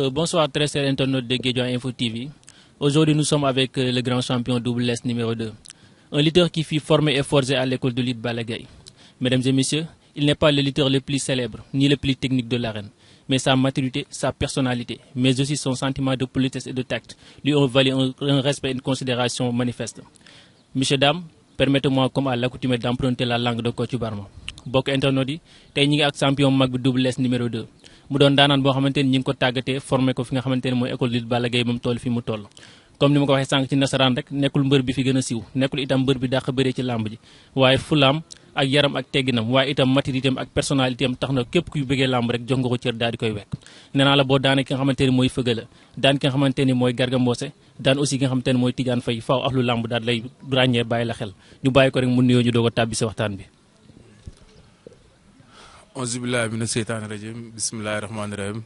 Euh, bonsoir, très chers internautes de Guédian Info TV. Aujourd'hui, nous sommes avec euh, le grand champion double S numéro 2, un leader qui fut formé et forgé à l'école de lutte Balagay. Mesdames et messieurs, il n'est pas le leader le plus célèbre ni le plus technique de l'arène, mais sa maturité, sa personnalité, mais aussi son sentiment de politesse et de tact lui ont valu un, respect et une considération manifeste. Messieurs, dames, permettez-moi, comme à l'accoutumée, d'emprunter la langue de Kotu Barma. Bok internautes, nous champion Mag double S numéro 2. mu doon daanaan boo xamante ñi ngi ko tàggatee formé ko fi nga xamante ne mooy école lutte Balla Gaye ba mu fi mu toll comme ni ma ko waxee sànq ci nasaraan rek nekkul mbër bi fi gën a siiw nekkul itam mbër bi dàq bëree ci làmb ji waaye fulaam ak yaram ak tegginam waaye itam maturité am ak personnalité am tax na képp kuy bëggee làmb rek jox nga ko cër daal di koy wekk nee naa la boo daane ki nga xamante ni mooy fëga la daan ki nga xamante ni mooy garga mboose daan aussi ki nga la xel ñu bàyyi ko rek mu nuyoo ñu doog a tàbbi bi auzu billaahi mina seytaani rajim bismillaahi rahmaani rahim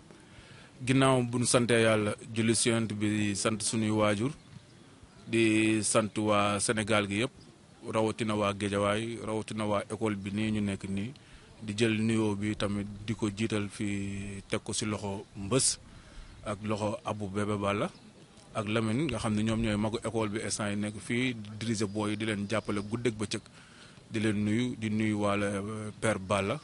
ginnaaw bu nu santee yàlla julli si yonent bi sant suñuy waajur di sant waa Sénégal gi yëpp rawatina waa Géejawaay rawatina waa école bi nii ñu nekk nii di jël nuyoo bi tamit di ko jiital fii teg ko si loxo mbës ak loxo abu bébé Balla ak Lamine nga xam ne ñoom ñooy magu école bi instant yi nekk fii diriger booy di leen jàppale ba bëccëg di leen nuyu di nuyu waala euh, père Balla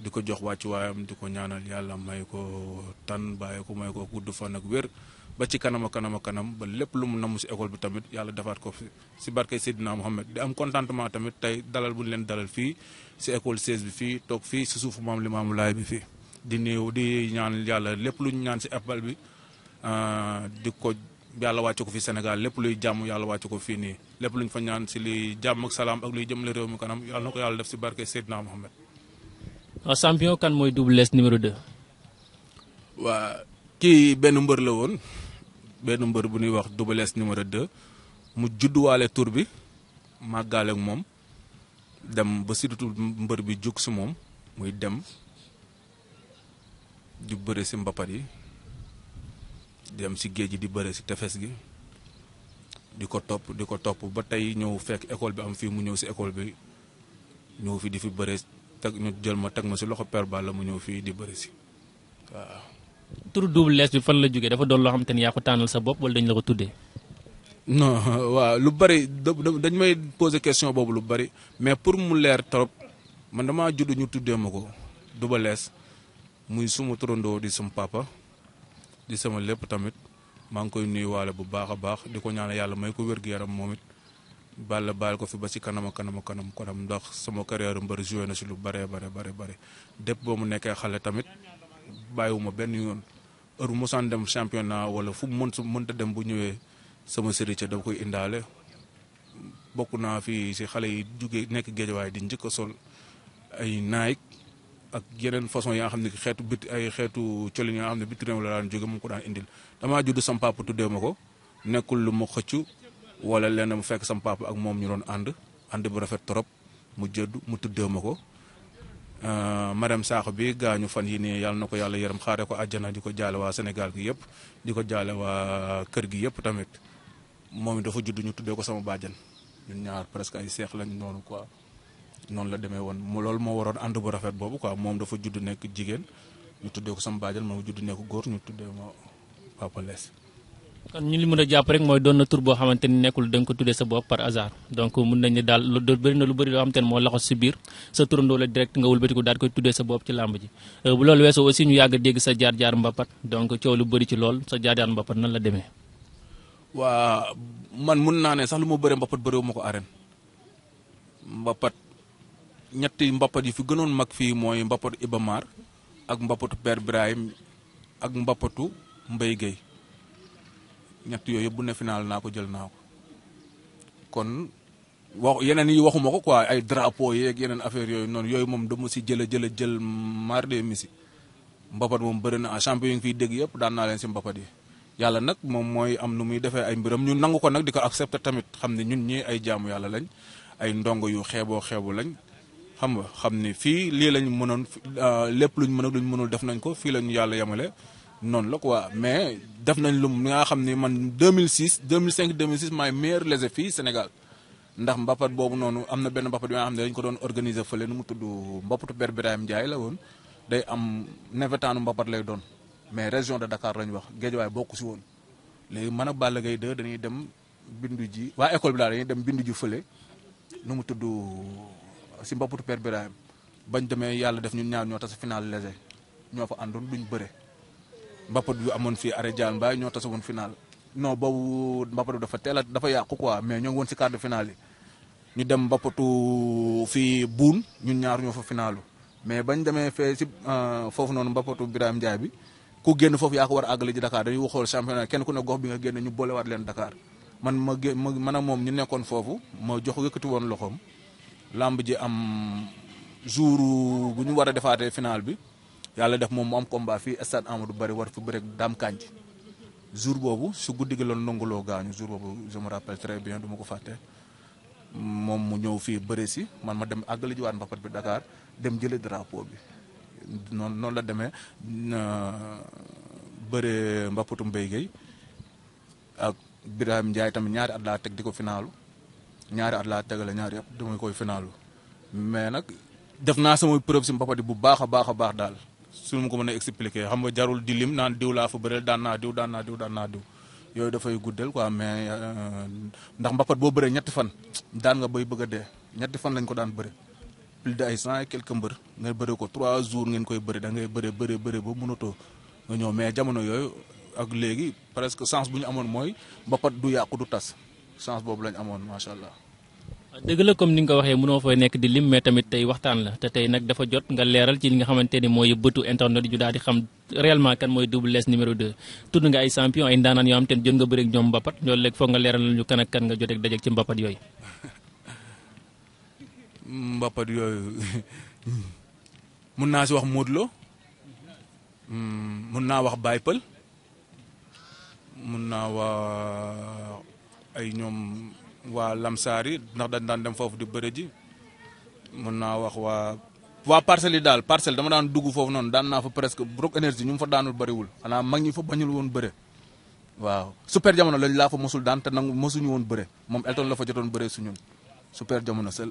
di ko jox wàcc waayam di ko ñaanal yàlla may ko tan bàyyi ko may ko gudd fan ak wér ba ci kanam a kanam a kanam ba lépp lu mu namm si école bi tamit yàlla defaat ko si barke Seydina Mohamed di am contentement tamit tey dalal bu ñu leen dalal fii si école bi fii toog fii si suufu maam Limaamu Laay bi fii di néew di ñaan yàlla lépp lu ñu ñaan si école bi ah, di ko yàlla wàcce fi Sénégal lépp luy jàmm yàlla wàcc ko fii nii lépp luñ fa ñaan si li jàmm ak salaam ak luy jëmale réew mi kanam yàlla ko yàlla def si barke Seydina Mohamed champion ah, kan moy double S numéro 2 wa ki benn mbeur la won benn mbeur bu ni wax double S numéro 2 mu judd walé tour bi magal ak mom dem ba surtout mbeur bi juk su mom muy dem di beure ci mbapar yi dem si géej gi di beure ci tefes gi diko top diko top ba tay ñew fekk école bi am fi mu ñew ci école bi ñew fi di fi beure teg ñu jël ma teg ma si loxo Père Balla mu ñëw fii di bëri si waaw. turu Double Less bi fan la jógee dafa doon loo xam te ni yaa ko tànnal sa bopp wala dañ la ko tuddee. non waaw lu bëri dañ may poser question boobu lu bëri mais pour mu leer trop man damaa judd ñu tuddee ma ko Double Less muy suma turandoo di sama papa di sama lépp tamit maa koy nuyuwaale bu baax a baax di ko ñaan yàlla may ko wér-gu-yaram moom it Balla baal ko fi ba ci kanam kanam kanam kanam ndax sama carrière mbër joué na ci lu bëree bare bare bëri dépp boo mu nekkee xale tamit bàyyiwuma benn yoon heure bu mosaan dem championnat wala fu mu mën su mënta dem bu ñëwee sama séritie da koy indaale bokk naa fii ci xale yi jugee nekk géejawaay di njëkk a sol ay naayik ak yeneen façon yi nga xam ne xeetu bit ay xeetu colin yi nga xam ne biti réew la daan jóge mu ko daan indil damaa judd sama papa tuddee ma ko nekkul lu ma xëccu wala lenn mu fekk sama papa ak mom ñu doon and and bu rafet torop mu jëddu mu tuddee mako euh madame saxu bi gañu fan yi yalla na ko yàlla yërëm ko aljana di ko wa senegal Sénégal gi yëpp di ko wa waa kër gi yëpp tamit momi dafa judd ñu tuddee ko sama bàjjan ñun ñaar presque ay cheikh lañ nonu quoi non la démé won mu lol mo waron and bu rafet bobu quoi mom dafa judd nek jigen ñu ko sama bàjjan mo judd nek góor ñu tuddee ma papa les kon ñu li mëna japp rek moy doona tour bo xamanteni nekul dañ ko tuddé sa bopp par hasard donc mën nañ ne daal lu bari na lu bari lo xamanteni mo la xoss ci biir sa ndo la direct nga wëlbatiku dal koy tuddé sa bopp ci lamb ji euh, bu lol weesoo aussi ñu yag dégg sa jaar jaar mbapat donc ciow lu bari ci lol sa jaar jaar mbapat nan la démé wa man mën na né sax lu mo bëre mbapat bëréew ma arène mbapat ñetti mbapat yi fi gënon mak fi moy mbapat ibamar ak mbapatu père ibrahim ak mbapatu mbey gueye ñett yooyu yëpp bu ne final naa ko jël naa ko kon wax yeneen yi waxuma ko quoi ay drapeau yeeg yeneen affaire yooyu noonu yooyu moom dama si jël jël jël mar de misi mbapat moom bëri na champion fi fiy dégg yëpp daan naa leen si mbapat yi yàlla nag moom mooy am nu muy defee ay mbiram ñun nangu ko nag di ko accepter tamit xam ne ñun ñii ay jaamu yàlla lañ ay ndong yu xeeboo xeebu lañ xam nga xam ne fii lii lañ mënoon ah, lépp luñ mën luñ mënul def nañ ko fii lañ yàlla yemale noonu la quoi mais def nañ lu nga xam ni man 2006 2005 2006 maay meilleur léger fii Sénégal ndax mbapat boobu noonu am na benn mbapat bi nga xam ne dañ ko doon organiser fële nu mu tudd mbapatu Père Birahim Ndiaye la woon day am nefetaanu mbapat lay doon mais région de Dakar lañ wax Guédiawaye bokk si woon léegi mën a Balla gay 2 dañuy dem bindu ji waa école bi daal dañuy dem bindu ji fële nu mu tudd si mbapatu Père bañ demee yàlla def ñun ñaar ñoo tas final léger ñoo fa àndoon duñ bëre. mbappat yu amoon fi arrêt Diagne Mbaye ñoo tase woon finaal non boobu mbappat bi dafa teela dafa yàqu quoi mais ñoo ngi woon si quart de finale ñu dem mbappatu fii buun ñun ñaar ñoo fa finalu mais bañ demee fee si euh, foofu noonu mbappatu Birame Ndiaye bi ku génn foofu yaa war a àggale ji Dakar dañuy waxool championnat kenn ku ne gox bi nga génn ñu boolewaat leen Dakar man ma gé moom ñu nekkoon foofu ma jox yëkkati woon loxoom lamb ji am jour bu ñu war a defaatee final bi. yalla def momom mu am combat fi stade Amadou bari war fi bari dam kanji jour bobu su guddi gi loon nonguloo gañu jour bobu je me rappelle très bien ko mu ñew fi bari si man ma dem ji bedakar mbapat bi Dakar dem jële drapeau bi non non la demee bari mbapatu mbey gay ak ibrahim Ndiaye tam ñaari at la tek diko finalu ñaari at la tegale ñaari yëpp dama koy finalu mais nak def preuve mbapat bu baax dal su ma ko mën a expliquer xam nga jarul di lim naan diw laa fa bëreel daan naa diw daan naa diw yooyu dafay guddal quoi mais euh, ndax mbapat boo bëree ñetti fan daan nga bay bëgg a dee ñetti fan lañ ko daan bëre plus de ay cent et quelques mbër nga bëre ko trois jours ngeen koy bëri da ngay bëre bëre bëre ba mënatoo nga ñëw mais jamono yooyu ak léegi presque chance bu ñu amoon mooy mbapat du yàqu du tas chance boobu lañ amoon macha allah. dëgg la comme ni nga ko waxee mënoo fay nekk di lim mais tamit tey waxtaan la te tey nag dafa jot nga leeral ci li nga xamante ni mooy bëtu internet yu daal di xam réellement kan mooy Double Less numéro 2. tudd nga ay champion ay ndaanaan yoo xam te jot nga bëreeg ñoom Mbapat loolu léegi foog nga leeral ñu kan ak kan nga joteeg dajeeg ci Mbapat yooyu. Mbapat yooyu mun naa si wax Modou Lo hmm, mun naa wax Baye Pël mun naa wax ay ñoom. waa lamsaar yi ndax dañ daan dem foofu di bëre ji mën naa wax waa waa parcelles yi daal parcelle dama daan dugg foofu noonu daan naa fa presque Rock Énergie ñu fa daanul bëriwul xanaa mag ñi fa bañul woon bëre waaw super jamono lañ laa fa mosul daan te nangu mosuñu woon bëre moom Elton la fa jotoon bëre suñun super jamono sel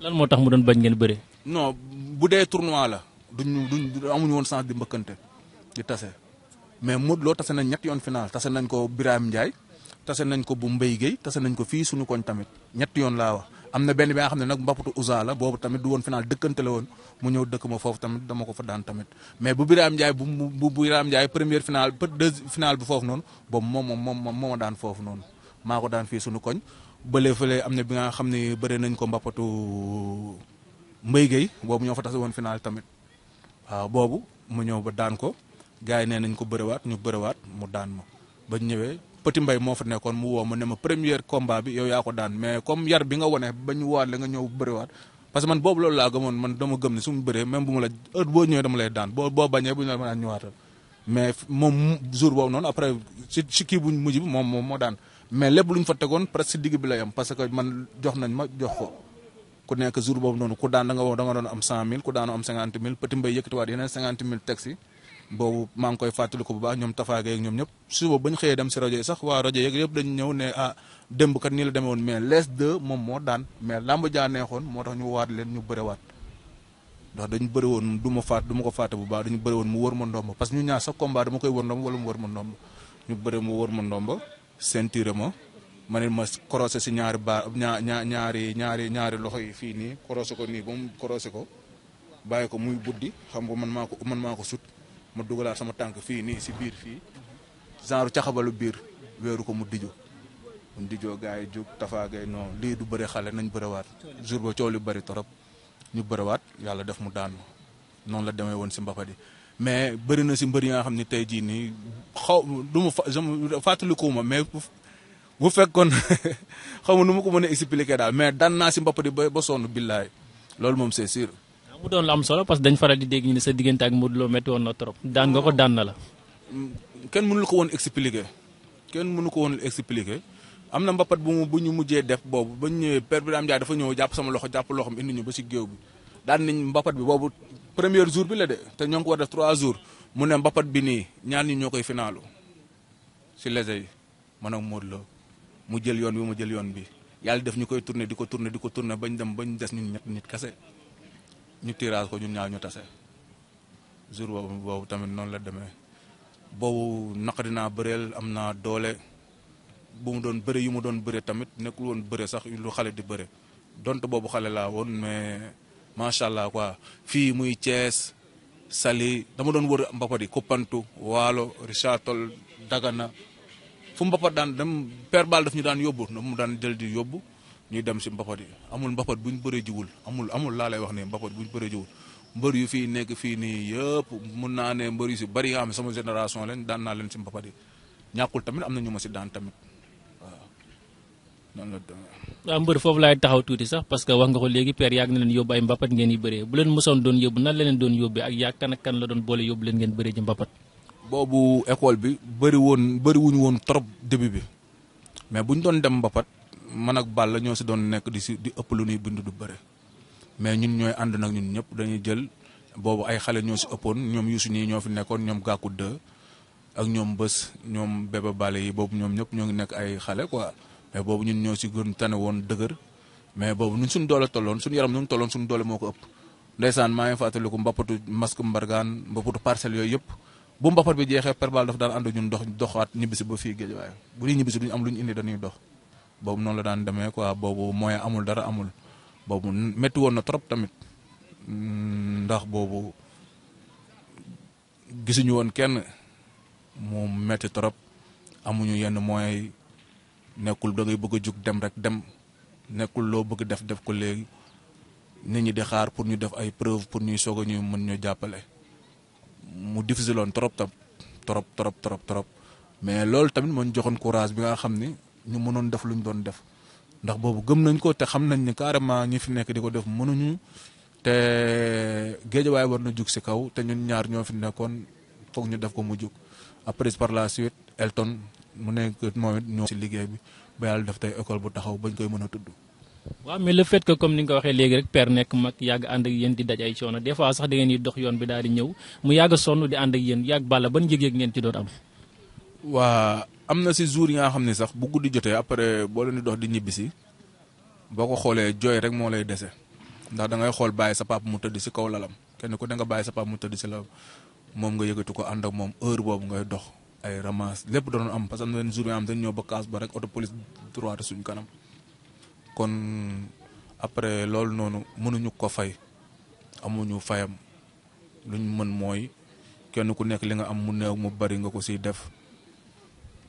lan moo tax mu doon bañ ngeen bëre. no bu dee tournoi la duñ duñ amuñu woon sens di mbëkkante di tase mais Modou loo tase nañ ñetti yoon final tase nañ ko Birame Ndiaye. tase nañ ko bu Mbaye Guèye tase nañ ko fii suñu koñ tamit ñetti yoon laa wax am na benn bi nga xam ne nag mbappatu usa la boobu tamit du woon final dëkkante woon mu ñëw dëkk ma foofu tamit dama ko fa daan tamit mais bu Birame Ndiaye bu bu Birame Ndiaye première final peut final bi foofu noonu boobu moom moom moom moo daan foofu noonu maa ko daan fii suñu koñ bële fële am na bi nga xam ne bëre nañ ko mbappatu Mbaye Guèye boobu ñoo fa tase woon final tamit waaw boobu mu ñëw ba daan ko gars yi nee nañ ko bëriwaat ñu bëriwaat mu daan ma ba ñëwee Petit Mbaye moo fa nekkoon mu woo ma première combat bi yow ko daan mais comme yar bi nga wone ba ñu waat nga ñëw bëriwaat parce que man boobu loolu laa gëmoon man dama gëm ne su bëree même bu ma la boo ñëwee dama lay daan boo bañee bu ñu la mën ñëwaatal mais moom jour boobu noonu après si kii bu mujj bi moom moo daan mais lépp lu ñu fa tegoon presque si digg bi lay am parce que man jox nañ ma jox ko ku nekk jour boobu noonu ku bobu mang koy fatali ko bu baax ñom tafaage ak ñom ñep suba bañ xeye dem ci rajo sax wa rajo yeeg yëpp dañ ñew ne ah demb kat ni la demewon mais les deux mom mo daan mais lamb ja neexon moo tax ñu waat leen ñu bëriwaat ndax dañu bëri woon du ma faat duma ko fàtte bu baax dañ bëre won mu wër ma ndomb parce ñu ñaar sax combat dama koy wër ndomb wala mu wër ma ndomb ñu bëre mu wër ma ndomb ceinture ma mané ma croisé ci ñaari ba ñaar ñaari ñaari ñaari loxoy fi ni nii ko ni bu mu croisé ko bayiko muy buddi xam bu man mako man mako sut ma dugalaat sama tànk fii nii si biir fii genre caxabalu biir weeru ko mu dijju mu dijjoo gars yi jóg tafaagay non lii du bëri xale nañ bëriwaat jour ba coow li torop ñu bëriwaat yàlla def mu daan ma noonu la demee woon si mbapat yi mais bëri na si mbër yi xam ne tey jii nii xaw du ma fàttalikuwuma mais bu fekkoon xaw ma nu ma ko mën a daal mais daan naa si mbapat yi ba ba sonn billaay loolu moom c'est sûr mu doon lu am solo parce que dañ faral di dégg ñu ne sa diggante ak Modou Lo métti woon na trop. daan nga ko daan na la. kenn mënu ko woon expliquer kenn mënu ko woon expliquer am na mbapat bu mu bu ñu mujjee def boobu ba ñu ñëwee père Birame dafa ñëw jàpp sama loxo jàpp loxoom indi ñu ba si géew bi nañ mbapat bi boobu premier jour bi la te ñoo ngi ko jours mu ne mbappat bi nii ñaar ñi ñoo koy finaalu si les yi man ak Modou Lo mu jël yoon bi mu jël yoon bi yàlla def ñu koy tourné di ko tourné di ko tourné bañ dem bañ des ñun ñett nit kese. ñu tirage ko ñun ñaar ñu tase jour boobu tamit noonu la demee boobu naqari naa bëreel am naa doole bu mu doon bëre yu mu doon bëre tamit nekkul woon bëre sax lu xale di bëre donte boobu xale laa woon mais macha allah quoi fii muy Thiès Saly dama doon wër mbapat yi Koupantou Waalo Richard Toll Dagana fu mbapat daan dem per bal daf ñu daan yóbbu mu daan jël di yóbbu. ñuy dem si mbapat yi amul mbapat bu ñu bëree jiwul amul amul lay wax ne mbapat bu ñu bëree jiwul mbër yu fii nekk fii nii yëpp mun naa ne mbër yu si bëri xam ne sama génération leen daan naa leen si mbapat yi ñàkkul tamit am na ñu ma si daan tamit waaw. waaw mbër foofu laay taxaw tuuti sax que wax nga ko léegi père yàgg na leen yóbbu ay mbapat ngeen yi bëree bu leen mosoon doon yóbbu nan la leen doon yóbbee ak yàgg kan ak doon boole yóbbu leen ngeen bëree ji mbapat. boobu école bi bëri woon bëri woon trop début bi mais bu ñu doon dem mbapat man ak Balla ñoo ci doon nekk di si di ëpp lu ñuy bind du bëre mais ñun ñooy ànd nag ñun ñëpp dañuy jël boobu ay xale ñoo si ëppoon ñoom yusu nii ñoo fi nekkoon ñoom Gakou 2 ak ñoom Bés ñoom Bébé Balla yi boobu ñoom ñëpp ñoo ngi nekk ay xale quoi mais boobu ñun ñoo si gën tane woon dëgër mais boobu ñun suñ doole tolloon suñ yaram ñun tolloon suñ doole moo ko ëpp ndeysaan maa ngi fàttaliku mbappatu masque mbargaan mbappatu parcelles yooyu yëpp bu mbapat bi jeexee perbal dafa daan ànd ñun dox doxaat ñibbisi ba fii géej waaye bu ñuy ñibbisi duñu am luñ indi dañuy dox boobu noonu la daan demee quoi boobu moyen amul dara amul boobu métti woon na trop tamit mm, ndax boobu gisuñu woon kenn mu métti trop amuñu yenn moyens yi nekkul dangay bëgg a jug dem rek dem nekkul loo bëgg def def ko léegi nit ñi di xaar pour ñu def ay preuve pour ñuy soog a ñu mën ñu jàppale mu difficile woon trop trop trop trop trop mais loolu tamit moo joxoon courage bi nga xam ni. ñu mënon def luñ doon def ndax bobu gëm nañ ko te xam nañ ni carrément ñi fi nekk di def mënuñu te way war na juk ci kaw te ñun ñaar ñoo fi nekkoon foog ñu def ko mu juk après par la suite Elton mu nekk momit ñoo liggéey bi ba yàlla def tey école bu taxaw bañ koy mën a tudd waaw mais le fait que comme ni nga ko waxee léegi rek père nekk mag yàgg ànd ak yéen di daj ay coono des fois sax da ngeen di dox yoon bi daal di ñëw mu yàgg sonn di ànd ak yéen yàgg bàlla ban yëg ngeen ci doon am waa am na si jour yi nga xam ne sax bu guddi jotee après boo leen di dox di ñibbi si boo ko xoolee rek moo lay dese ndax da ngay sa papa mu tëdd si kaw lalam kenn ku ne nga bàyyi sa papa mu tëdd si lalam mom nga yëkkati ko ànd ak moom heure boobu ngay dox ay ramas lépp doon am parce que am jour yi am dañ ñëw ba kaas ba rek auto police kanam kon après lol noonu mënuñu ko fay amuñu fayam luñ mën mooy kenn ku nekk li nga am mu néew mu bari nga ko def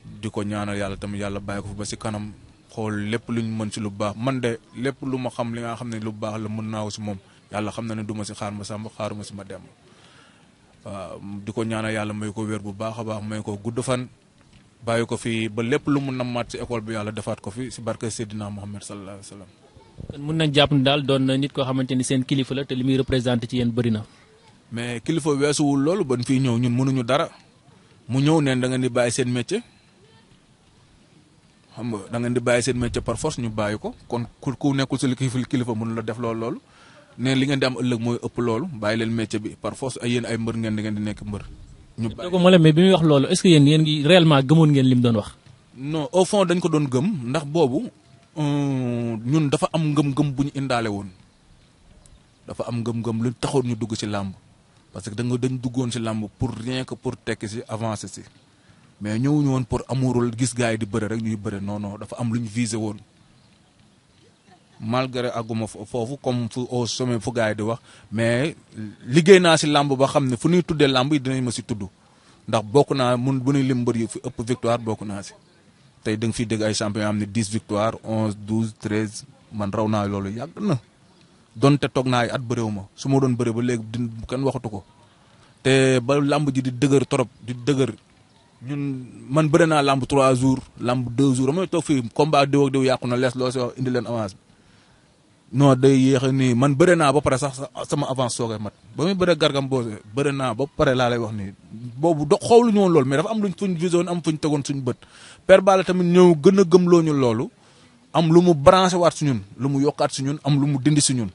di ko ñaanal yàlla tam yàlla bàyyi ko fi ba si kanam xool lépp luñ mën si lu baax man de lépp lu ma xam li nga xam ne lu baax la mën naa ko si moom yàlla xam na ne du ma si xaar ma sàmm xaaruma si ma dem waaw di ko ñaanal yàlla may ko wér bu baax a baax may ko gudd fan bàyyi ko fi ba lépp lu mun na maat si école bi yàlla defaat ko fi si barke Seydina Muhammad sallallahu alayhi wa sallam. kon mun nañ jàpp ne daal doon na nit koo xamante ni seen kilifa la te li muy représenté ci yéen bari na. mais kilifa weesuwul loolu ba ñu ñëw ñun mënuñu dara mu ñëw neen da nga bàyyi seen métier. xam nga da di bàyyi seen métier par force ñu bàyyi ko kon ku ku nekkul sa kilifa mënu la def loolu loolu ne li ngeen di am ëllëg mooy ëpp loolu bàyyi leen métier bi par force ay ay mbër ngeen da ngeen di nekk mbër. ñu bàyyi ko ma mais bi muy wax loolu est-ce que yéen yéen gëmoon ngeen li mu doon wax. non au fond dañ ko doon gëm ndax boobu euh, ñun dafa am ngëm-ngëm bu ñu indaale woon dafa am ngëm-ngëm lu taxoon ñu dugg ci làmb parce que da nga dañ duggoon ci làmb pour rien mais ñu won pour amourul gis gaay di bëre rek ñuy bëre non non dafa am luñu visé won malgré aguma fofu comme fu au sommet fu gaay di wax mais liggéey na ci lamb ba xamné fu ñuy tuddé lamb yi dinañ ma ci tuddu ndax bokku na mu bu ñuy limbeur yi fi ëpp victoire bokku na ci tay dëng fi fiy ay champion amni 10 victoire 11 12 13 man raw na lolu yag na donte tok na ay at bëréew suma su doon bëre ba légui kan waxatu ko té ba lamb ji di dëgër torop di dëgër ñun man bëri naa lamb trois jours lamb deux jours damay toog fii combat diw ak diw yàqu na lees loo si indi leen avance bi non day yéex a nii man bëri naa ba pare sax sama avance soogay mat ba muy bëre gargam boose bëri naa ba pare laa lay wax nii boobu do xooluñu woon loolu mais dafa am luñ fuñ vision am fuñ tegoon suñ bët per Balla tamit ñëw gën a loo ñu loolu am lu mu branché waat si ñun lu mu yokkaat si ñun am lu mu dindi si ñun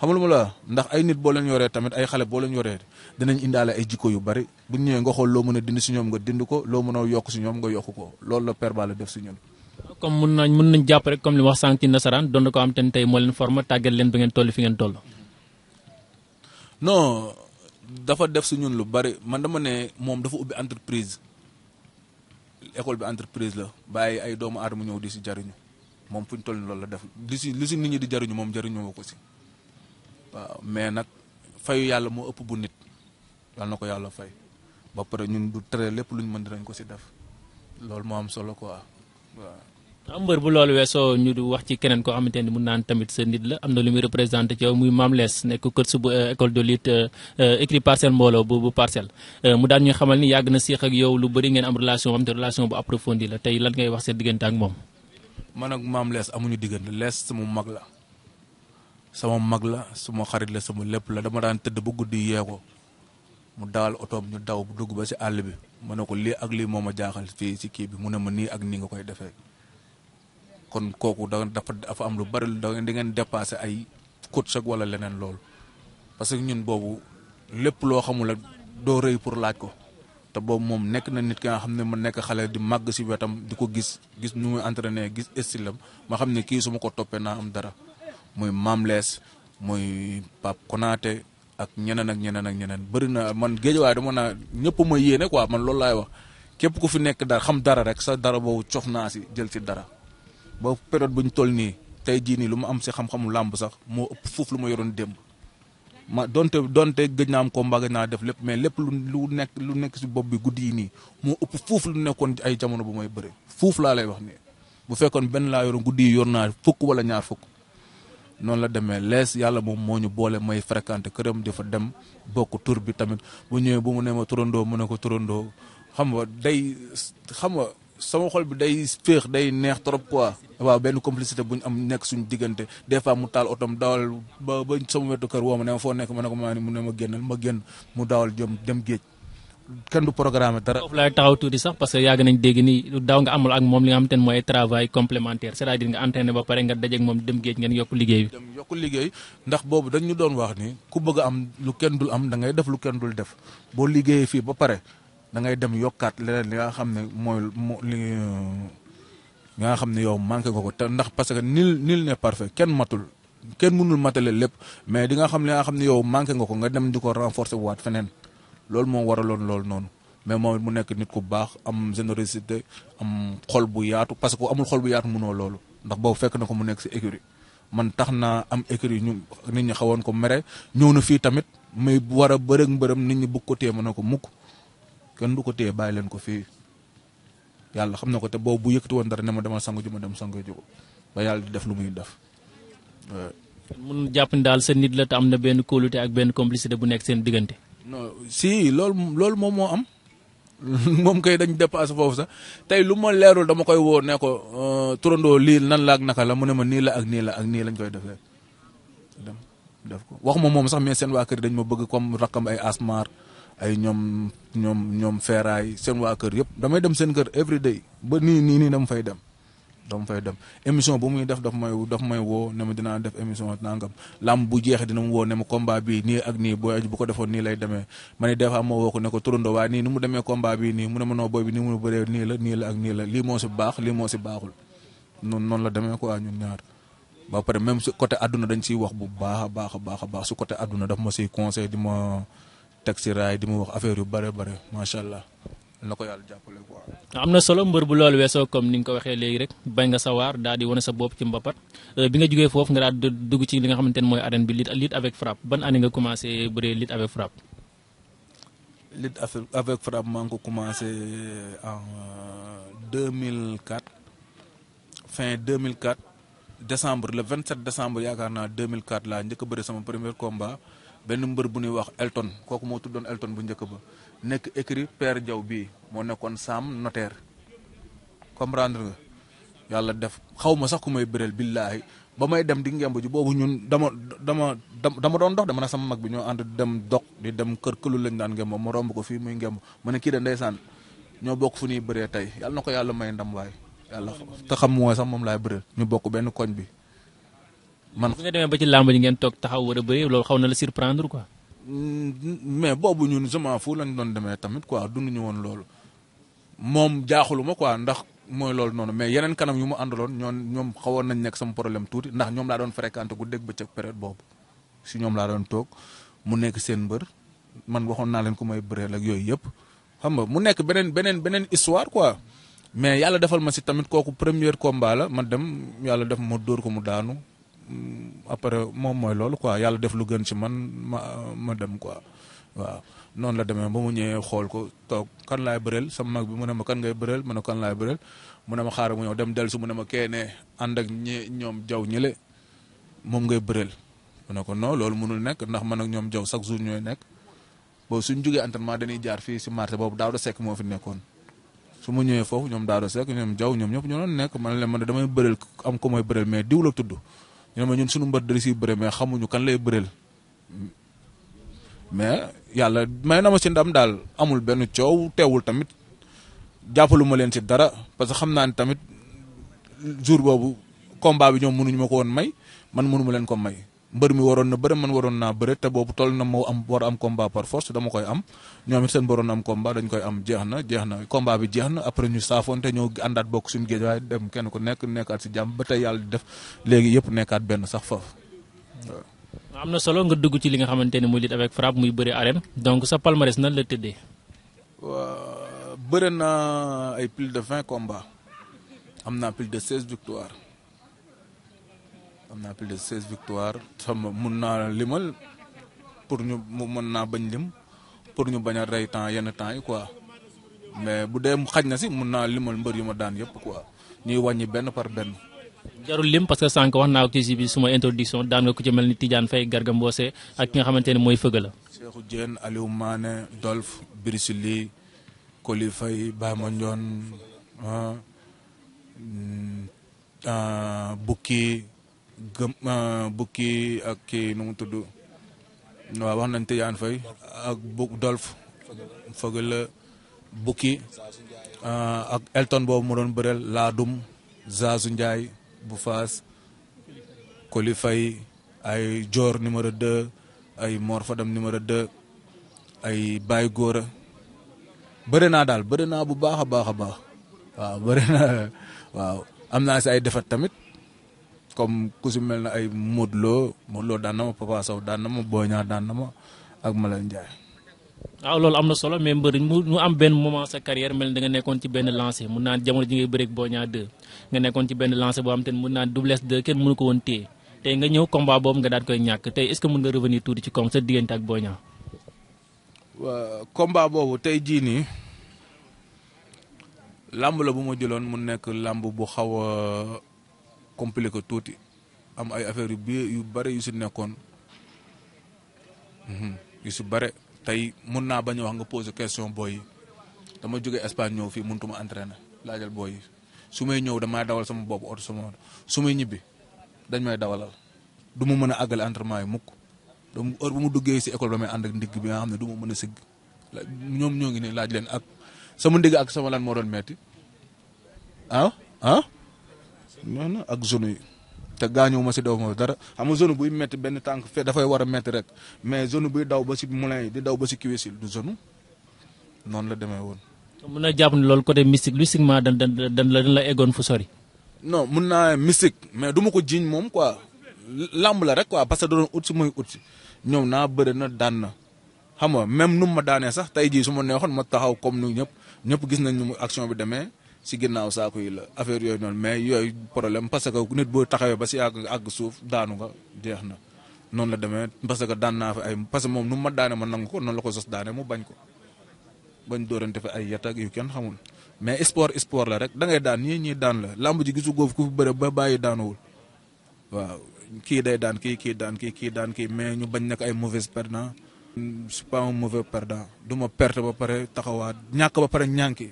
xamul mu la ndax ay nit boo leen yoree tamit ay xale boo leen yoree dinañ indaale ay jikko yu bari bu ñu ñëwee nga xool loo mën a dindi si ñoom nga dind ko loo mën a yokk si ñoom nga yokk ko loolu la Père Balla def si ñun. comme mun nañ mun nañ jàpp rek comme li wax sànq ci nasaraan doon na ko am te tey moo leen former tàggat leen ba ngeen toll fi ngeen toll. non dafa def si ñun lu bari man dama ne moom dafa ubbi entreprise école bi entreprise la bàyyi ay doomu aadama ñëw di si jariñu moom fu ñu toll loolu la def li si di jariñu moom jariñoo ko si. waaw mais nag fayu yàlla moo ëpp bu nit yàlla na ko yàlla fay ba pare ñun du tere lépp luñ mën dinañ ko si def loolu moo am solo quoi waaw. mbër bu loolu weesoo ñu di wax ci keneen koo xamante ni mun naan tamit sa nit la am na lu muy représenté ci yow muy Mame Less nekk kër bu euh, école de lutte euh, écrit parcelle mbooloo bu bu parcelle euh, mu daan ñu xamal ni yàgg na siiq ak yow lu bëri ngeen am relation am te relation bu approfondi la tey lan ngay wax seen diggante ak moom. man ak Less amuñu diggante mag la. sama mag la suma xarit la sama lépp la dama daan tëdd ba guddi yee ko mu dawal otoom ñu daw dugg ba si àll bi ma ne ko lii ak lii moom a jaaxal fii si kii bi mu ne ma nii ak nii nga koy defee kon kooku da dafa am lu bari da ngeen dépassé ay coach ak wala leneen loolu parce que ñun boobu lépp loo xamul ak doo rëy pour laaj ko te boobu moom nekk na nit ki nga xam ne ma nekk xale di màgg si wetam di ko gis gis nu muy entraîné gis estilam ma xam ne kii su ko toppee naa am dara. muy Mamles muy Pape Konaté ak ñeneen ak ñeneen ak ñeneen bëri na man géejawaay dama naa ñëpp mooy yéene ko man loolu laay wax képp ku fi nekk dara xam dara rek sa dara boobu cof naa si jël si dara ba période bu toll nii tey jii nii lu ma am si xam làmb sax moo ëpp fuuf lu ma yoroon démb ma donte donte gëj naa am combat naa def lépp mais lépp lu lu nekk lu nekk si bopp bi guddi yi nii moo ëpp fuuf lu nekkoon ay jamono bu may bëri fuuf laa lay wax nii bu fekkoon benn laa yoroon guddi yi naa fukk wala ñaar fukk noonu la demee lees yàlla moom moo ñu boole may fréquenté këram di fa dem bokk tur bi tamit bu ñëwee bu mu ne ma turandoo mu ne ko turandoo xam nga day xam nga sama xol bi day féex day neex trop quoi. waa benn complicité bu ñu am nekk suñu diggante des fois mu taal otom dawal ba ba sama wetu kër woo ma ne ma foo nekk ma ne ko maa ni mu ne ma génnal ma génn mu dawal jëm dem géej. kenn du programme dara. foofu laay taxaw tuuti sax parce que yàgg nañ dégg ni daaw nga amul ak moom li nga xam te ne mooy travail complémentaire c'est-à-dire nga entraîné ba pare nga dajeeg moom dem géej ngeen yokk liggéey boobu dañ ñu doon wax ni ku bëgg am lu kenn dul am da def lu kenn dul def boo liggéeyee fii ba pare da ngay dem yokkaat leneen li nga xam ne mooy li nga xam ne yow manqué nga te ndax parce que nul nul n'est parfait kenn matul. kenn mënul matale lépp mais di nga xam li nga xam ne yow manqué nga ko nga dem di ko renforcer waat feneen. lol moo waraloon lol noonu mais moom mu nekk nit ku baax am générosité am xol bu yaatu parce que amul xol bu yaatu munoo loolu ndax boobu fekk na ko mu nekk si écurie man tax am écurie ñu nit ñi xawoon ko mere ñëw na fii tamit may war a bërëg mbërëm nit ñi bëgg ko téye mën ko mukk kenn du ko téye bàyyi leen ko fii yàlla xam na ko te boobu bu yëkkati woon dara ne ma demal sangu juma dem sangu ji ba yàlla def lu muy def. mun jàpp ni sa nit la te am na benn kóolute ak benn complicité bu nekk seen diggante. non si loolu loolu moom moo am moom kay dañ dépassé foofu sax tey lu ma leerul dama koy woo ne ko euh, turandoo lii nan laa ak naka la mu ne ma nii la ak nii la ak nii lañ koy defee dem ko wax ma moom sax mais seen waa kër dañ ma bëgg comme rakkam ay asmar ay ñoom ñoom ñoom feeraay seen waa kër yëpp damay dem seen kër every day ba nii nii nii dama fay dem. dama fay dem émission bu muy def daf may daf may woo ne ma dinaa def émission nangam làmb bu jeex dina mu woo ne ma combat bi nii ak nii booy bu ko defoon nii lay demee ma ne des fois ma woo ko ne ko turandoo waaye nii ni mu demee combat bii nii mu ne ma noo booy bi ni mu nii la nii la ak nii la lii moo si baax lii moo si baaxul noonu noonu la demee quoi ñun ñaar ba pare même si côté àdduna dañ siy wax bu baax baax a baax a baax su côté àdduna daf ma si conseil di ma teg si raay di ma wax affaire yu bare bare macha allah. na ko yàlla jàppale quoi. am na solo mbër bu loolu weesoo comme ni nga ko waxee léegi rek bañ nga sawar daal di wane sa bopp ci mbapat euh, bi nga jógee foofu nga daal dugg ci li nga xamante ne mooy arène bi lutte lutte avec frappe ban année nga commencé bëree lutte avec frappe. lutte avec frappe maa ngi ko commencé euh, en 2004 euh, fin 2004 décembre le 27 décembre yaakaar naa 2004 laa njëkk a bëri sama premier combat benn mbër bu ñuy wax Elton kooku moo tuddoon Elton bu njëkk ba. Nek écrit père jaw bi moo nekkoon sam notaire comprendre nga yàlla def xaw ma sax ku may bëreel billaahi ba may dem di ngemb ji ñun dama dama dama doon dox dama ne sama mag bi ñoo ànd dem dox di dem kër këlu lañ daan ngemb ma romb ko fii muy ngemb ma ne kii da ndeysaan ñoo bokk fu ñuy bëree tey yàlla na ko yàlla may ndam waay yàlla te xam mooy sax moom laay bëreel ñu bokk benn koñ bi man. bu nga demee ba ci làmb ji ngeen toog taxaw war a bëri loolu la surprendre quoi. mais boobu ñun semence fu lañ doon demee tamit quoi dunduñu woon loolu moom jaaxuluma quoi ndax mooy loolu noonu mais yeneen kanam yu mu àndaloon ñoon ñoom xawoon nañ nekk sama problème tuuti ndax ñoom laa doon fréquenté gu dégg bëccëg période boobu si ñoom laa doon toog mu nekk seen mbër man waxoon naa leen ku may bëreel ak yooyu yëpp xam nga mu nekk beneen beneen beneen histoire quoi mais yàlla defal ma si tamit kooku premier combat ma dem yàlla def ma dóor ko mu daanu Mm, après mom moy lolou quoi yalla def lu gën ci man ma ma dem quoi waaw non la demé bamu ñëwé xol ko tok kan lay bërel sama mag bi mu ne ma kan ngay bërel mu ne kan lay bërel mu ne ma xaar mu ñëw dem dellu su mu ne ma kee and ak ñi ñoom jaw ñëlé mom ngay bërel mu ne ko non lolou mënu nekk ndax man ak ñom jaw chaque jour ñoy nekk bo suñu jógee entraînement dañuy jaar fi ci marché bobu daawu sék mo fi nekkoon su mu ñëwé fofu ñom daawu sék ñom jaw ñom ñëpp ñoo doon nekk man leen man damay bërel am ko moy bërel mais diwlo tuddu ñu ne ma ñun suñu mbar dali siy bëre mais xamuñu kan lay bëreel mais yàlla may na ma si ndam daal amul benn coow teewul tamit jàppaluma leen si dara parce que xam naa ne tamit jour boobu combat bi ñoom mënuñu ma ko woon may man mënuma leen ko may mbeur mi waron na beure man waron na beure te bobu toll na mo am war am combat par force dama koy am ñoom it seen am combat dañ koy am jeexna jeexna combat bi jeexna après ñu saafoon te ñoo andat bok suñu géej way dem kenn ku nekk nekkat ci jam ba tay yalla def léegi yëpp nekkat ben sax fof amna solo nga dugg ci li nga xamanteni ne muy lutte avec frappe muy beure arène donc sa palmarès nan la tëddee. beure na ay plus de 20 combats amna plus de 16 victoires. am naa plus de seize victoire sama mun naa limal pour ñu mën naa bañ lim pour ñu bañ a rey temps yenn temps yi quoi mais bu dee xaj na si mun naa limal mbër yu ma daan yëpp quoi ñuy wañ wàññi benn par benn. jarul lim parce que sànq wax naa ko ci suma introduction daan nga ku ci mel ni Tidiane Faye Garga Mbossé ak ki nga xamante ne mooy Fëgga la. Cheikhou Diène Aliou Mané Dolph Birisi Ly Bukki. gëm euh, bukki ak kii nu mu tudd waaw wax nañ Tidiane Faye ak Dolf Fëgala bukki euh, ak Elton boobu mu doon bëreel Laadum Zazu Ndiaye bu Faas Koli ay Dior numéro 2 ay Mor Fadam numéro ay baay Gora bëri naa daal bëri naa bu baax a baax a baax waaw bëri naa waaw am naa si ay defat tamit comme ku mel na ay Modou Lo Modou Lo na Papa Sow dan na ma Boy dan na ma ak malen Ndiaye. aw ah, loolu am solo mais mbër mu mu am benn moment sa carrière mel da nga nekkoon ci benn lancé mun naa jamono ji ngay bëreeg Boy 2 nga nekkoon ci ben lancé boo xam te ne mun naa 2 kenn mënu ko nga combat nga koy est-ce que nga revenir ci sa ak combat la bu mu nekk bu compliqué tuuti am ay affaire yu bi yu bare yu si nekkoon mhm, yu si bare tey mun naa bañ a wax nga posé question booy yi dama jóge Espagne ñëw fii mun mënutuma entraîner laajal booy yi su may ñëw damay dawal sama bopp oto sama su may ñibbi dañ may dawalal du ma mën a àggale entraînement yi mukk donc heure bu mu duggee si école damay ànd ak ndigg bi nga xam ne du ma mën a sigg ñoom ñoo ngi ne laaj leen ak sama ndigg ak sama lan moo doon metti ah, ah? nee na ak zone yi te gaañoo ma si daw ma dara xam nga zone buy métti benn tànk fe dafay war a métti rek mais zone buy daw ba si moulin yi di daw ba si kiwesil du zone noonu la demee woon. mun naa jàpp ne loolu côté mystique mystiquement dan dan dan la dan la eggoon fu sori. non mun naa mystique mais du ma ko jiiñ moom quoi làmb la rek quoi parce que da doon ut si mooy ut si ñëw naa bëri na daan na xam nga même nu ma daanee sax tey jii su ma neexoon ma taxaw comme nu ñëpp ñëpp gis nañ nu action bi demee. si ginnaaw saako yi la affaire yooyu noonu mais yooyu problème parce que nit boo taxawee ba si àgg àgg suuf daanu nga jeex na noonu la demee parce que daan naa fa ay parce que moom nu ma daane ma nangu ko noonu ko sos daane mu bañ ko bañ dóorante fa ay yat ak yu kenn xamul mais sport sport la rek da ngay daan ñii ñi daan la làmb ji gisu góof ku fi bëre ba bàyyi daanuwul waaw kii day daan kii kii daan kii kii daan kii mais ñu bañ nekk ay mauvais perdant je suis pas un mauvais du ma perte ba pare taxawaat ñàkk ba pare ñànki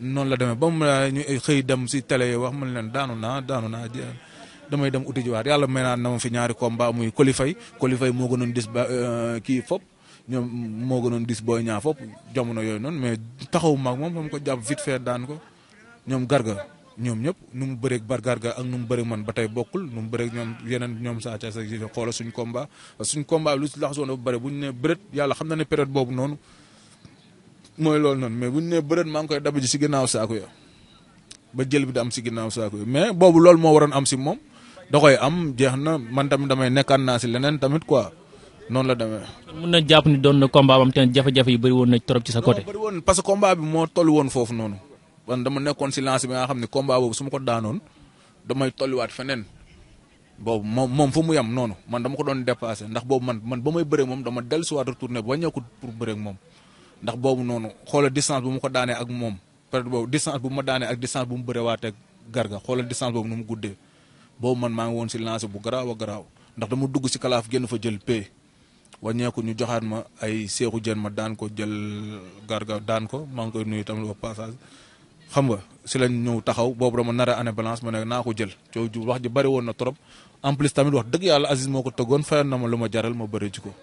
noonu la demee ba mu ñu xëy dem si télé yi wax mu leen daanu naa daanu naa damay dem uti jiwaat yàlla may naa na ma fi ñaari combat muy kolifay kolifay moo gënoon dis ba euh, kii fop ñoom moo gënoon dis booy ñaa fop jamono yooyu noonu mais taxaw maag moom fam ko jàpp vite fait daan ko ñoom garga ñoom ñëpp nu mu bëreeg bar garga ak nu mu bëreeg man ba tey bokkul nu mu bëreeg ñoom yeneen ñoom saa sa xoolal suñ combat suñ combat lu si laxasoon bu bare bu ñu ne bërét yàlla xam na ne période boobu noonu moy lol non mais buñ né nee ma maa koy dab ci ci ginaaw saako ya ba jël bi da am ci ginaaw saako ya mais bobu lol mo waron am ci mom da koy am jeexna na man tamit damay nekkan na ci lenen tamit quoi non la demee. mun na japp ni don na combat bam tamit jafe-jafe yi bari won na torop ci sa côté. bari won parce que combat bi mo toll won fofu noonu man dama nekkon si lancé bi nga xamni combat bobu suma ko daanon damay wat fenen moom mom fu mu yam man dama ko don dépasser ndax bobu man man bamay may mom dama dama dellusiwaat retourné ba ñëw ko pour moom. ndax boobu noonu xoola distance bu ma ko daanee ak moom peut-être boobu distance bu ma daanee ak distance bu mu bërewaatee garga xoola distance boobu nu mu guddee boobu man maa ngi woon si lancé bu garaaw a garaaw ndax dama dugg si kalaaf génn fa jël pay wàññeeku ñu joxaat ma ay seexu jën ma daan ko jël garga daan ko maa ngi koy nuyu tamit au passage xam nga si lañ ñëw taxaw boobu dama nar a année balance ma ne naa ko jël coow wax ji bëri woon na trop en plus tamit wax dëgg yàlla Aziz moo ko tëggoon fayoon na ma lu ma jaral ma bëri ji ko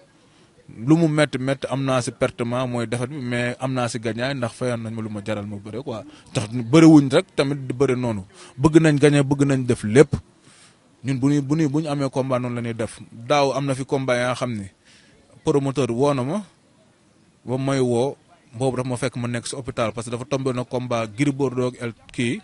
lu mu met amna am naa si pertement mooy defar bi mais am naa si ndax fayoon nañ ma lu ma jaral ma bëre quoi tax bëri wuñ rek tamit di bëri noonu bëgg nañ gañe bëgg nañ def lépp ñun bu ñuy bu ñuy bu ñu amee combat noonu la def daaw amna fi combat yaa xam ni promoteur woo na ma ba may woo boobu dafa ma fekk ma nekk si hôpital parce que dafa tombé na combat Gris Bordeaux ak el kii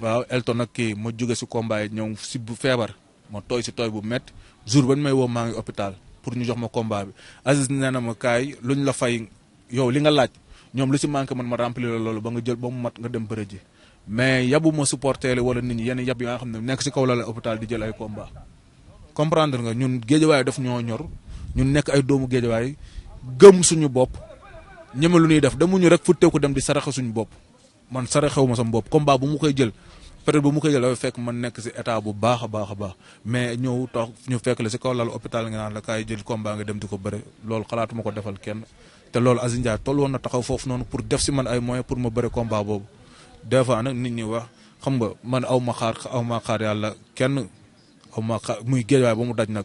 waaw Elton ak kii ma jóge si combat yi ñëw si bu feebar ma tooy si tooy bu met jour bañ may woo maa ngi hôpital. pour ñu jox ma combat bi Aziz nee na ma kaay lu ñu la fay yow li nga laaj ñoom lu ci manqué man ma remplir la loolu ba nga jël ba mu mat nga dem bëre ji mais yabu ma supporter wala nit ñi yenn yab yi nga xam ne nekk si kaw la la hôpital di jël ay combat comprendre nga ñun géejawaay daf ñoo ñor ñun nekk ay doomu géejawaay gëm suñu bopp ñeme lu ñuy def demuñu rek futteeku dem di saraxe suñu bopp man saraxewu ma sama bopp combat bu mu koy jël peut-être bu mu koy jël dafa fekk man nekk si état bu baax a baax a baax mais ñëw tax ñu fekk la si kaw lal hôpital nga naan la kaay jël combat nga dem di ko bëre loolu xalaatuma ko defal kenn te loolu Aziz toll woon na taxaw noonu pour def si man ay moyens pour ma bëre combat boobu des fois nag nit ñi wax xam nga man aw ma aw ma xaar kenn aw ma muy géej waaye ba mu daj nag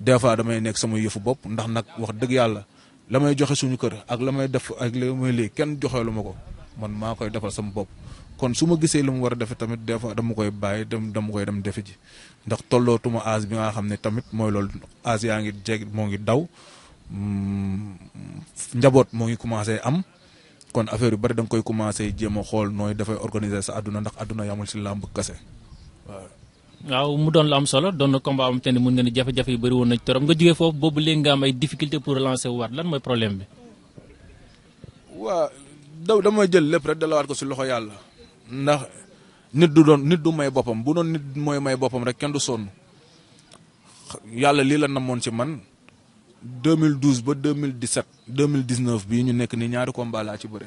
des fois damay nekk sama yëfu bopp ndax nag wax dëgg yàlla la may joxe suñu kër ak la may def ak la may lii kenn joxeelu ma ko man maa koy defal sama bopp kon suma ma gisee lu mu war a defe tamit des fois dama koy bàyyi dem dama koy dem defe ji ndax tollootuma âge bi nga xam ne tamit mooy loolu âge yaa ngi jeg moo ngi daw mm, njaboot moo ngi commencé am kon affaire yu bari da nga koy commencé jéem a xool nooy dafay organiser sa aduna ndax aduna yamul si lamb kase waaw mu doon la am solo doon na combat am tane mun nga ni jafe-jafe yu bëri woon nañ torom nga jógee foofu boobu léegi nga am ay difficulté pour relancer waat lan mooy problème bi. waaw daw damay jël lépp rek ko si loxo yàlla ndax nit du doon nit du may boppam bu doon nit mooy may boppam rek kenn du sonn yàlla lii la namoon ci man 2012 ba 2017 2019 bi ñu nekk ni ñaari combat laa ci bëre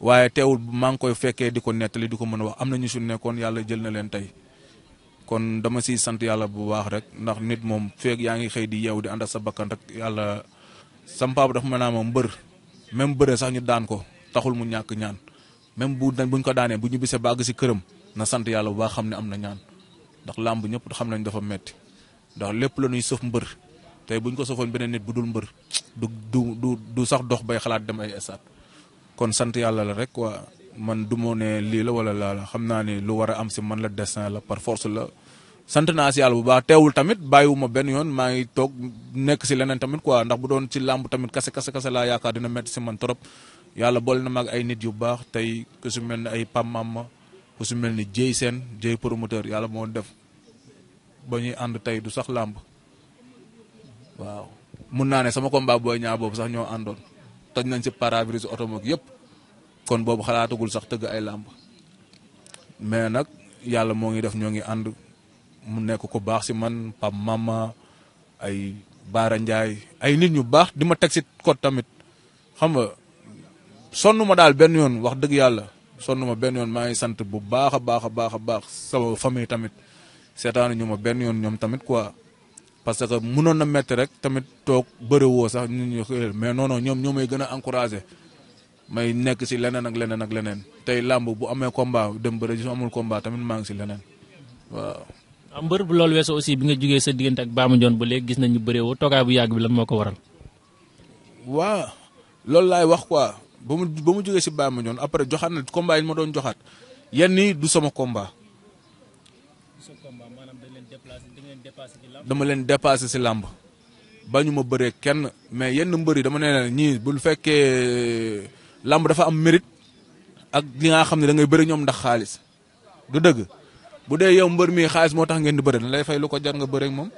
waaye teewul maa ngi koy fekkee di ko nettali di ko mën a wax am na ñu su nekkoon yàlla jël na leen tey kon dama siy sant yàlla bu baax rek ndax nit moom feeg yaa ngi xëy di yew di ànd sa bakkan rek yàlla sam papa dafa mën naa ma mbër même bëre sax ñu daan ko taxul mu ñàkk ñaan même bu buñ ko daané buñu bissé bisee ba àgg na sant yalla bu baax xam am ñaan ndax làmb ñëpp xam nañ dafa metti ndax lepp la ñuy sëf mbër tey buñ ko sëfoon benen nit budul mbeur du du du du sax dox bay xalaat dem ay estat kon sant yalla la rek wa man du mo né li la wala la xamna né lu wara am ci man la destin la par force la sant na ci yalla bu ba téwul tamit bayiwuma ben yoon ma ngi tok nek ci lenen tamit quoi ndax bu doon ci lamb tamit kase kase kase la yaaka dina metti ci man torop yalla bol na mag ay nit yu bax tay ku su melni ay pamam ku su melni ni jëy promoteur yalla mo def ba ñuy tay dusak du sax lamb waaw mun naa ne sama combat boy ñaa boobu sax ñoo andon toj nañ ci paravirus brise yep kon boobu xalaatagul sax teug ay lamb mais nak yalla mo ngi def ñoo ngi and mu nekk ko bax si man pam mama ay Baara jai, ay nit ñu bax di ma ci code tamit xam nga sonn dal daal benn yoon wax dëgg yàlla sonn ma benn yoon maa ngi sant bu baax a baax a sama famille tamit seetaanu ñu ma benn yoon tamit quoi parce que mënoon na rek tamit tok bëri woo sax ñu ñu mais non non ñoom ñoo may gën a encouragé may nekk si leneen ak leneen ak leneen tey làmb bu amee combat dem bëri su amul combat tamit maa ngi si leneen waaw. Ah, mbër bu loolu weesoo aussi bi nga jugee sa diggante ak Baama Ndione ba léegi gis nañu bëree woo toogaay bu yàgg bi lan moo waral. waaw loolu laay wax quoi. ba mu ba mu jógee si Baye Mandione après joxaat na combat yi ma doon joxaat yenn yi du sama combat. dama leen dépassé si làmb bañu ma bëree kenn mais yenn mbër yi dama ne ñii bu lu fekkee euh, làmb dafa am mérite ak li nga xam ne da ngay bëri ñoom ndax xaalis du dëgg bu dee yow mbër mi xaalis moo tax ngeen di bëri na lay fay lu ko jar nga moom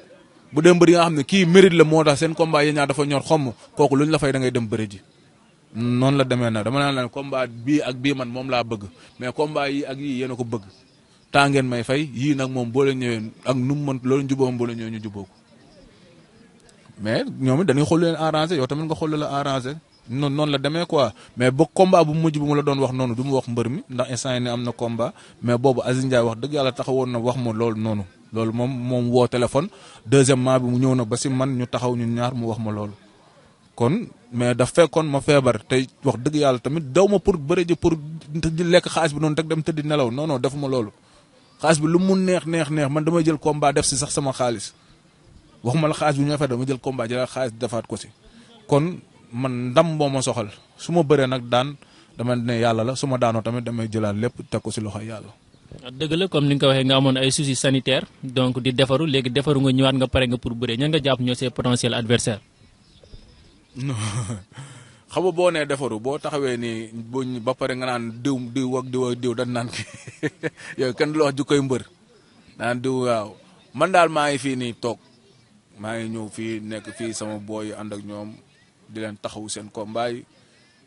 bu dee mbër yi nga xam ne kii mérite la moo tax seen combat yi ñaar dafa ñor xomm kooku luñ la fay da ngay dem bëri ji. non la demé na dama nan combat bi ak bi man mom la bëgg mais combat yi ak yi yéen ko bëgg ta ngeen may fay yi nak mom bo leen ñëwé ak num man lo loolu njuboo bo leen ñëw ñu juboo ko mais ñoom dañuy xol leen arranger yow tamen nga xol la arranger non non la demé quoi mais ba combat bu mujj bu mu la doon wax nonu du mu wax mbeur mi ndax instant ni amna combat mais bobu azin Ndiaye wax deug yalla taxawon na wax ma loolu nonu loolu mom mom wo téléphone deuxièmement bi mu ñëw na ba ci man ñu taxaw ñun ñaar mu wax ma kon mais da fekkoon ma febar tay wax deug yalla tamit dawma pour beure ji pour di lek xaalis bi non tak dem teddi nelaw non non dafuma lolou xaalis bi lu mu neex neex neex man dama jël combat def ci sax sama xaalis waxuma la khas bi ñu fa dama jël combat jël xaalis defaat ko ci kon man ndam bo ma soxal suma beure nak daan dama ne yalla la suma daano tamit dama jëlal lepp teg ko ci loxo yalla deug la comme ni nga ko nga amone ay souci sanitaire donc di defaru léegi defaru nga ñëwaat nga paré nga pour beure ñan nga jàpp ñoo see potentiel adversaire xam bo ne defaru bo taxawé ni buñ ba paré nga nan diw diw ak diw diw dañ nan ki yow kan du wax wax koy mbeur nan diw waw man dal ma ngi fi ni tok ma ngi ñew fi nek fi sama boy and ak ñom di len taxaw sen combat yi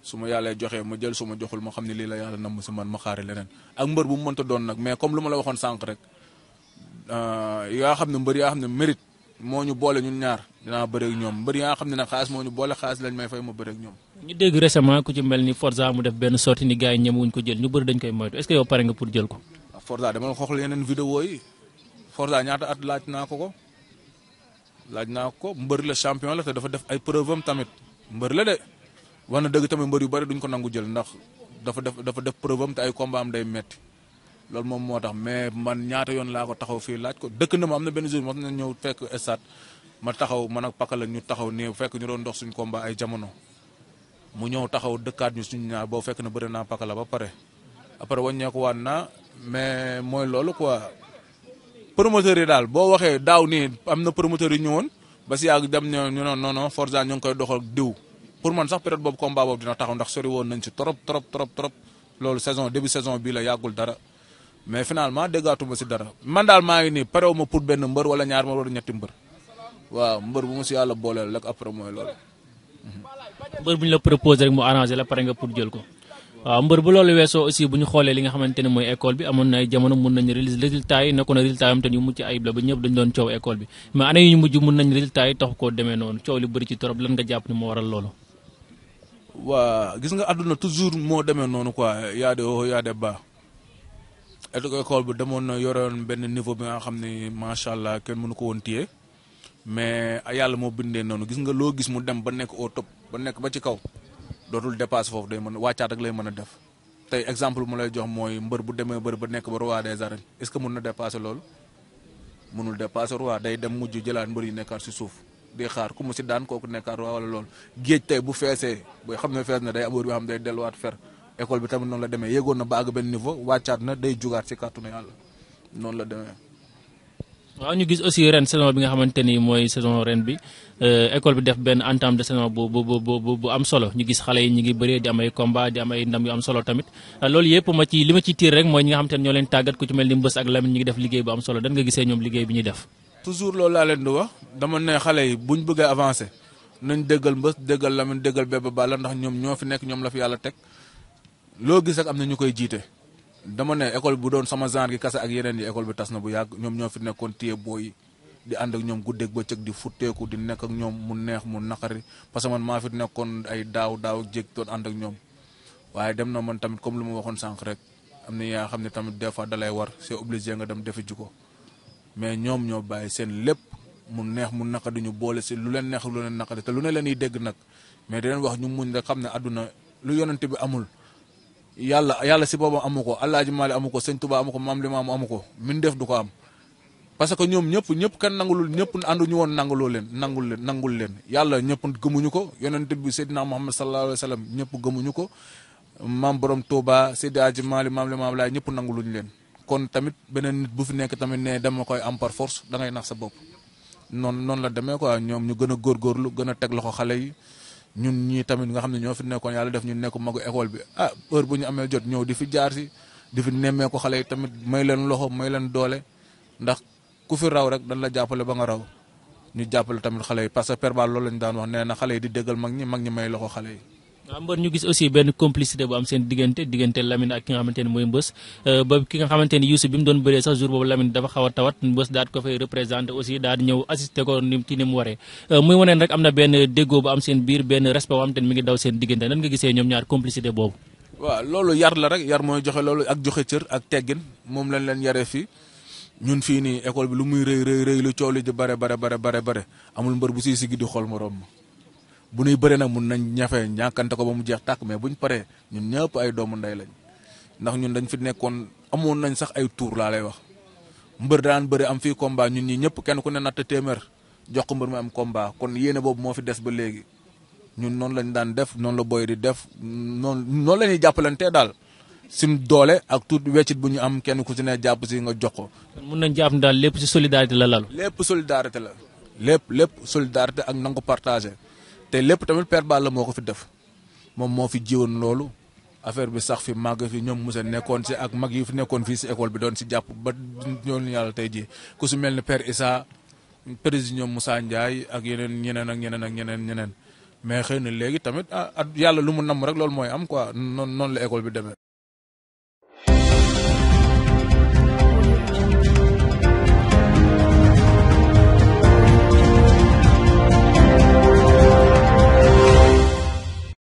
suma yalla joxe mu ma jël suma joxul ma xamni ne lii la yàlla man ma xari lenen ak mbeur bu mu ta doon nak mais comme lu ma la waxon sank rek euh xam xamni mbeur yaa xamni mérite moo ñu ñun ñaar dina bëre ak ñoom mbër yi nga xam ne xaas moo boole xaas lañ may fay ma bëre ak ñoom ñu dégg récemment ku ci ni Forza mu def benn sorti ni gars yi ñemewuñ ko jël ñu bëri dañ koy moytu est ce yow pare nga pour jël ko ah, Forza dama xoxal yeneen vidéo yi Forza ñaata at laaj ko ko laaj ko la champion la te dafa def ay preuve am tamit la de wax dëgg tamit mbër yu bari duñ ko nangu jël ndax dafa def dafa def preuve am te ay combat am day metti loolu moom moo mais man ñaata yoon ko taxaw laaj ko dëkk na jour ñëw fekk ma taxaw man ak pakala ñu taxaw ne fekk ñu doon dox suñu combat ay jamono mu ñëw taxaw dëkkaat ñu suñu ñaar boo fekk na bëri naa pakala ba pare après wàññeeku waan naa mais mooy loolu quoi promoteurs yi daal boo waxee daaw nii am na promoteurs yu ñëwoon ba si yàgg dem ne ñu non non Forza ñu ngi koy doxal diw pour man sax période boobu combat boobu dina taxaw ndax sori woon nañ ci trop trop trop trop loolu saison début saison bii la yàggul dara mais finalement déggaatuma si dara man daal maa ngi nii parewu ma pour benn mbër wala ñaar ma wala ñetti mbër waaw mbër bu ma si yàlla booleel rek après mooy loolu. mbër bu ñu la proposé rek mu arrangé la pare nga pour jël ko. waaw mbër bu loolu weesoo aussi bu ñu xoolee li nga xamante ne mooy école bi amoon na ay jamono mun nañu résultat yi nekkoon na résultat yi am te ñu mucc ayib la ba ñëpp dañu doon coow école bi mais année yu ñu mujj mun nañ résultat yi tax koo demee noonu coow li bëri ci torop lan nga jàpp ne moo waral loolu. waa gis nga àdduna toujours moo demee noonu quoi yaa de woo yaa de ba école bi demoon na yoroon benn niveau bi nga xam ne macha allah kenn mënu ko woon téye mais yàlla moo bindee noonu gis nga loo gis mu dem ba nekk au top ba nekk ba ci kaw dootul dépassé foofu day mën wàccaat ak lay mën a def tey exemple mu lay jox mooy mbër bu demee mbër ba nekk ba roi des arènes est-ce que mun na dépassé loolu munul dépassé roi day dem mujj jëlaat mbër yi nekkaat si suuf di xaar ku mu si daan kooku nekkaat roi wala loolu géej tey bu feesee booy xam ne fees na day amoor bi xam day delluwaat fer école bi tamit noon la demee yéegoon na ba àgg benn wàccaat na day jugaat si kàttanu yàlla noonu la demee waaw ñu gis aussi ren saison bi nga xamante ni mooy saison ren bi euh, école bi def benn entame de saison bu bu bu am solo ñu gis xale yi ñu ngi bëree di am ay combat di am ay ndam yu am solo tamit euh, loolu yëpp ma ci li ma ci tiir rek mooy ñi nga xamante ne ñoo leen tàggat ku ci mel ni mbës ak Lamine ñu ngi def liggéey bu am solo dan nga gisee ñoom liggéey bi ñuy def. toujours loolu laa leen di wax dama ne xale yi buñ bëggee avancé nañ déggal mbës déggal Lamine déggal ndax ñoom ñoo fi nekk ñoom la fi yàlla teg loo gis am na ñu koy jiite dama ne école bu doon sama genre gi kase ak yeneen yi école bi tas na bu yàgg ñoom ñoo fi nekkoon téye booy di ànd ak ñoom guddeeg bëccëg di futteeku di nekk ak ñoom mu neex mu naqari parce que man maa fi nekkoon ay daaw daaw jéeg doon ànd ak ñoom waaye dem na man tamit comme lu ma waxoon sànq rek am na yaa xam ne tamit des fois dalay war c'est obligé nga dem defi ji ko mais ñoom ñoo bàyyi seen lépp mu neex mu naqari ñu boole si lu leen neex lu leen naqari te lu ne leen yi dégg nag mais di leen wax ñu muñ rek xam ne lu yonente bi amul yàlla yàlla si boobam amu ko Alaaji Maali amu ko Sëñ Tuba amu ko Maam Limaamu amu ko min def du ko am parce que ñoom ñëpp ñëpp kan nangulul ñëpp ànduñu woon nanguloo leen nangul leen nangul leen yàlla ñëpp gëmuñu ko yonent bi Seydina Muhammad sallallahu alayhi wa ñëpp gëmuñu ko maam borom Touba Seydi Aji Maali Maam Limaamu Laay ñëpp nanguluñu leen kon tamit beneen nit bu fi nekk tamit ne dama koy am par force da ngay nax sa bopp noonu noonu la demee quoi ñoom ñu gën a góorgóorlu gën a teg loxo xale yi ñun ñii tamit nga xam ne ñoo fi nekkoon yàlla def ñu nekk magu école bi ah heure bu ñu amee jot ñëw di fi jaar si di fi nemmee ko xale yi tamit may leen loxo may leen doole ndax ku fi raw rek dañ la jàppale ba nga raw ñu jàppale tamit xale yi parce que Père Ba loolu lañu daan wax nee na xale yi di déggal mag ñi mag ñi may loxo xale yi. waaw mbër ñu gis aussi benn complicité bu am seen diggante diggante Lamine ak ki nga xamante ne mooy mbës euh, ba ki nga xamante ni Youssou bi mu doon bëree sax jour boobu Lamine dafa xaw a tawat mbës daal ko fay représenté aussi daal ñëw assisté ko ni mu waree euh, muy waneen rek am na benn déggoo bu am seen biir benn respect bu am te mi ngi daw seen diggante nan nga gisee ñoom ñaar complicité boobu waaw loolu yar la rek yar mooy joxe loolu ak joxe cër ak teggin moom lañ leen yaree ñun fii nii école bi lu muy rëy rëy rëy lu coow li di bare bare bare bare bare amul mbër bu siy sigi di xool moroom ma bu ñuy bëre nag mun nañ ñafee ñàkkante ko ba mu jeex tàkk mais ñu paree ñun ñëpp ay doomu nday lañ ndax ñun dañ fi nekkoon amoon nañ sax ay tour laa lay wax mbër daan bëri am fii combat ñun ñi ñëpp kenn ku ne natt téeméer jox ko mbër mi am combat kon yéene boobu moo fi des ba léegi ñun noonu lañ daan def noonu la boy di def noonu noonu la ñuy jàppalantee daal suñ doole ak tout weccit bu ñu am kenn ku si ne jàpp si nga jox ko. mun nañ jàpp daal lépp si solidarité la lalu. lépp solidarité la lépp lépp solidarité ak nangu partagé. te lépp tamit Père Balla moo ko fi def moom moo fi jiwoon loolu affaire bi sax fi màgg fi ñoom mu seen nekkoon si ak mag yi fi nekkoon fii si école bi doon si jàpp ba ñooñu yàlla tey jii ku si mel ne Père Issa président ñoom Moussa Ndiaye ak yeneen ñeneen ak ñeneen ak ñeneen ñeneen mais xëy na léegi tamit ah yàlla lu mu namm rek loolu mooy am quoi noonu noonu la école bi demee.